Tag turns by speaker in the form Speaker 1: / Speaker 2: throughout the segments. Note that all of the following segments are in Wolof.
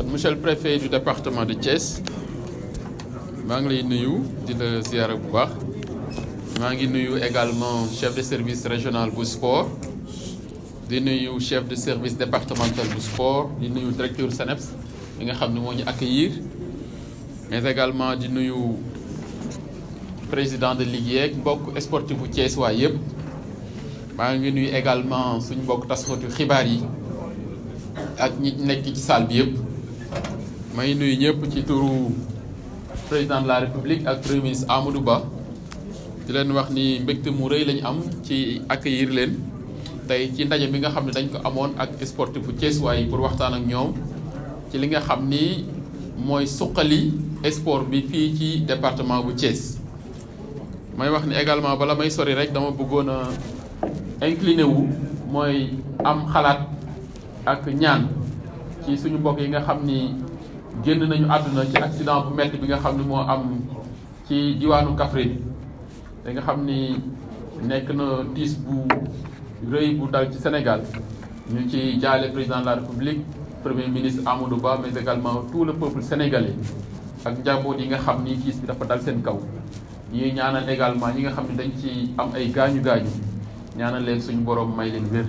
Speaker 1: monsieur le préfet du département de Thiès maa ngi lay nuyu di la ziara bu baax nuyu également chef de service régional du sport di nuyu chef de service départemental du sport di nuyu directeur Seneps mi nga xam ne accueillir mais également di nuyu président de ligue yeeg mbokk sportif bu Thiès waa yëpp maa nuyu également suñu mbokk taskatu xibaar yi ak ñi nekk ci salle bi yëpp. may nuyu ñëpp ci turu président de la république ak premier ministre Amadou Ba di leen wax ni mbégte mu rëy lañu am ci ak accueillir leen tey ci ndaje bi nga xam ne dañ ko amoon ak bu Thiessois yi pour waxtaan ak ñoom ci li nga xam ni mooy suqali sport bi fii ci département bu Thiès may wax ni également bala may sori rek dama bëggoon a incliné wu mooy am xalaat ak ñaan ci suñu mbokk yi nga xam ni génn nañu àdduna ci accident bu metti bi nga xam ne moo am ci diwaanu kafri da nga xam ni nekk na tiis bu rëy bu dal ci Sénégal ñu ci jaale président de la République premier ministre Amadou Ba mais également tout le peuple sénégalais ak njaboot yi nga xam ni tiis bi dafa dal seen kaw ñuy ñaanal également ñi nga xam ne dañ ci am ay gaañu gaañu ñaanal leen suñu borom may leen wér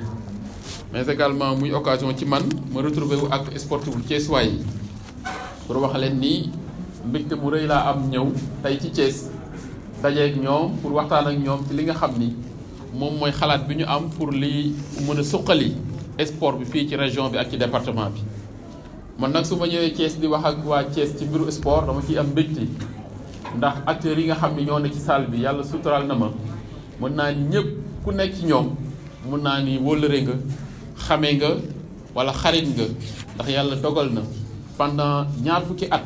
Speaker 1: mais également muy occasion ci man ma retrouver wu ak sportif bu Thiès yi pour wax leen nii mbégte mu rëy laa am ñëw tey ci Thiès dajeeg ñoom pour waxtaan ak ñoom ci li nga xam ni moom mooy xalaat bi ñu am pour lii mën a suqali sport bi fii ci région bi ak ci département bi. man nag su ma ñëwee Thiès di wax ak waa Thiès ci mbiru sport dama ciy am mbégte ndax acteurs yi nga xam ni ñoo ne ci salle bi yàlla suturaal na ma mën naa ni ñëpp ku nekk ci ñoom mën naa ni wóllëre nga xamee nga wala xarit nga ndax yàlla dogal na. pendant ñaar fukki at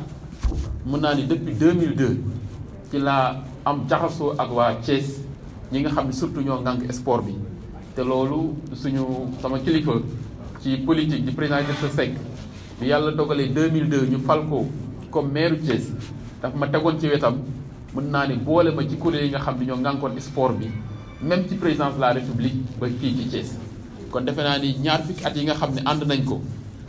Speaker 1: mën naa ni mille 2002 ci laa am jaxasoo ak waa Thiès ñi nga xam ne surtout ñoo ngànk sport bi te loolu suñu sama kilifa ci politique di président Idrissa Seck bi yàlla dogalee 2002 ñu fal ko comme maire Thiès dafa ma tegoon ci wetam mën naa ni boole ma ci kuréel yi nga xam ne ñoo ngànkoon sport bi même ci présidence la république ba kii ci Thiès kon defe naa ni ñaar fukki at yi nga xam ne ànd nañ ko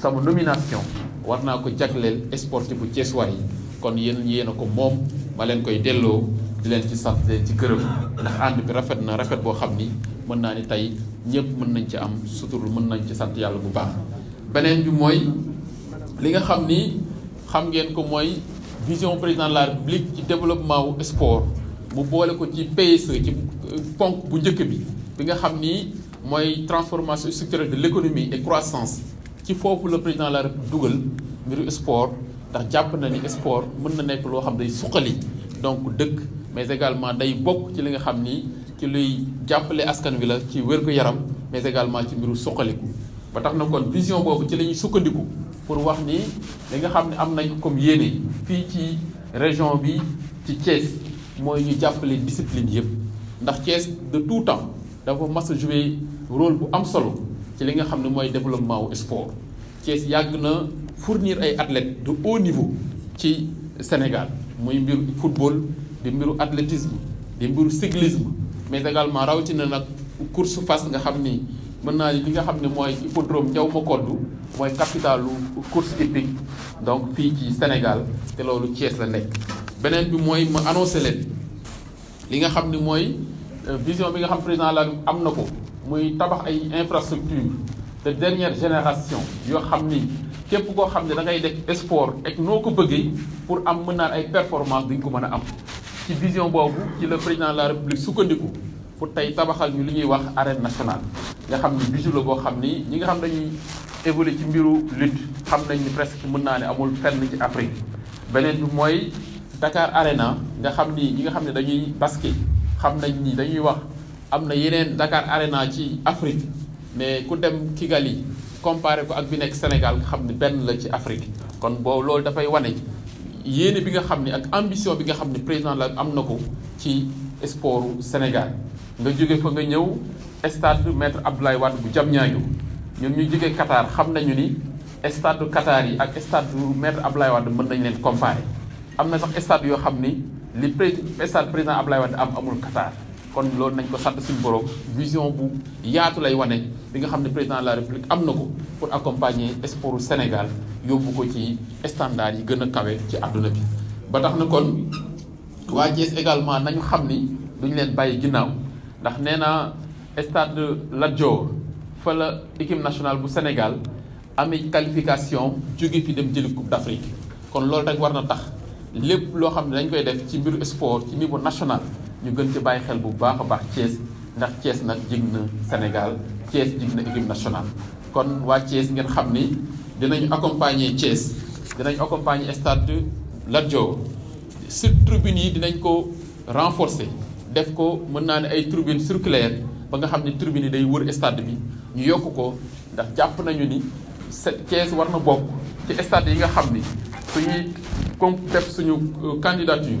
Speaker 1: sama nomination war naa ko jagleel sportif bu Thiessois yi kon yéen yéen a ko moom ma leen koy delloo di leen ci sat leen ci gërëm ndax ànd bi rafet na rafet boo xam ni mën naa ni tey ñëpp mën nañ ci am suturlu mën nañ ci sant yàlla bu baax beneen bi mooy li nga xam ni xam ngeen ko mooy vision président la république ci développement wu sport mu boole ko ci PSE ci ponk bu njëkk bi bi nga xam ni mooy transformation structurelle de l'économie et croissance ci foofu la président la République dugal mbiru sport ndax jàpp na ni sport mën na nekk loo xam day suqali donc dëkk mais également day bokk ci li nga xam ni ci luy jàppale askan wi la ci wér-gu-yaram mais également ci mbiru suqaliku ba tax na kon vision boobu ci la ñuy sukkandiku pour wax ni li nga xam ne am nañ comme yéene fii ci région bi ci Thiès mooy ñu jàppale discipline yëpp ndax Thiès de tout temps dafa mas a jouer rôle bu am solo ci li nga xam développement sport fournir ay athlètes de haut niveau ci Sénégal football di athlétisme cyclisme mais également rawatina course fas nga xam ni li nga xam hippodrome course épique donc Sénégal te le Thiès la nekk. bi annoncé li nga euh, vision bi la muy tabax ay infrastructure de dernière génération yoo xam ni képp koo xam ne da ngay def sport ak noo ko bëggee pour am mën naan ay performance duñ ko mën a am ci vision boobu ci le président de la république sukkandiku pour tey tabaxal ñu li ñuy wax arène nationale nga xam ni bijou la boo xam ni ñi nga xam dañuy évoluer ci mbiru lutte xam nañ ni presque mën naa ne amul fenn ci Afrique beneen bi mooy Dakar Arena nga xam ni ñi nga xam ne dañuy basket xam nañ ni dañuy wax am na yeneen Dakar Arena ci Afrique mais ku dem Kigali comparé ko ak bi nekk Sénégal nga xam ne benn la ci Afrique kon boobu loolu dafay wane yéene bi nga xam ni ak ambition bi nga xam ne président la am na ko ci sportu Sénégal nga jóge fa nga ñëw stade maître Abdoulaye Wade bu Diamniadio ñoom ñu jóge Qatar xam nañu ni stade Qatar yi ak stade maître Abdoulaye Wade mën nañ leen comparé am na sax stade yoo xam ni li pré stade président Abdoulaye Wade am amul Qatar. kon loolu nañ ko sant suñu borom vision bu yaatu lay wane bi nga xam ne président de la république am na ko pour accompagner sportu Sénégal yóbbu ko ci standard yi gën a kawe ci àdduna bi. ba tax na kon waa Thiès également nañu xam ni duñu leen bàyyi ginnaaw ndax nee naa stade de Dior fa la équipe nationale bu Sénégal amee qualification jóge fi dem jëli coupe d'Afrique kon loolu rek war na tax lépp loo xam ne dañ koy def ci mbiru sport ci niveau national ñu gën ci bàyyi xel bu baax a baax Thiès ndax Thiès nag jig na Sénégal Thiès jig na équipe nationale. kon waa Thiès ngeen xam ni dinañu accompagner Thiès dinañ accompagner stade de Ladjo sur tribune yi dinañ ko renforcer def ko mën naa ne ay tribune circulaire ba nga xam ne tribune yi day wër stade bi ñu yokk ko ndax jàpp nañu ni Thiès war na bokk ci stade yi nga xam ni suñuy def suñu euh, candidature.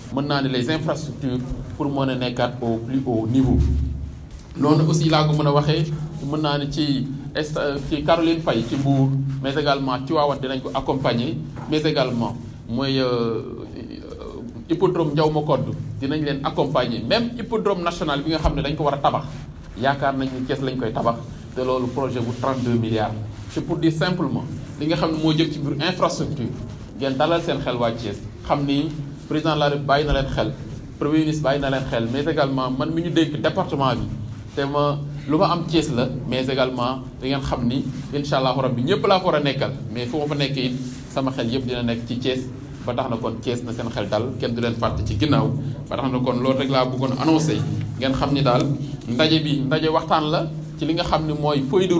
Speaker 1: maintenant les infrastructures pour mën les au plus haut niveau. non aussi là, comme on a waxee maintenant, Caroline ci est ci Caroline Faye ci mais également ci qui est ko mais également l'hippodrome euh, euh, hippodrome Ndiaw Makoddu dinañ leen accompagner même hippodrome national bi nga xam ne dañ ko war a tabax yaakaar nañ ni lañ koy tabax te loolu projet bu 32 milliards c'est pour dire simplement li nga xam ne moo jëm ci biir infrastructure ngeen dalal seen xel waa Thiès xam ni. président de la République bàyyi na leen xel premier ministre bàyyi na leen xel mais également man mi ñu dégg département bi te ma lu ma am Thiès la mais également da ngeen xam ni incha allahu bi ñëpp laa ko a nekkal mais fu ma fa nekkee it sama xel yëpp dina nekk ci Thiès ba tax na kon Thiès na seen xel dal kenn du leen fàtte ci ginnaaw ba tax na kon loolu rek laa bëggoon annoncé ngeen xam ni daal ndaje bi ndaje waxtaan la ci li nga xam ni mooy feuille de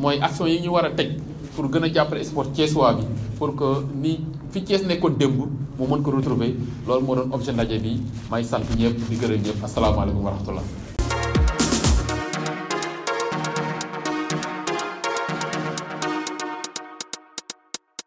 Speaker 1: mooy action yi ñu war a teg. pour gën a jàppale sport Thiessois bi pour que ni fi Thiès nekkoon démb mu mën ko retrouver loolu moo doon objet ndaje bi may sant ñëpp di gërëm ñëpp asalaamaaleykum wa rahmatullah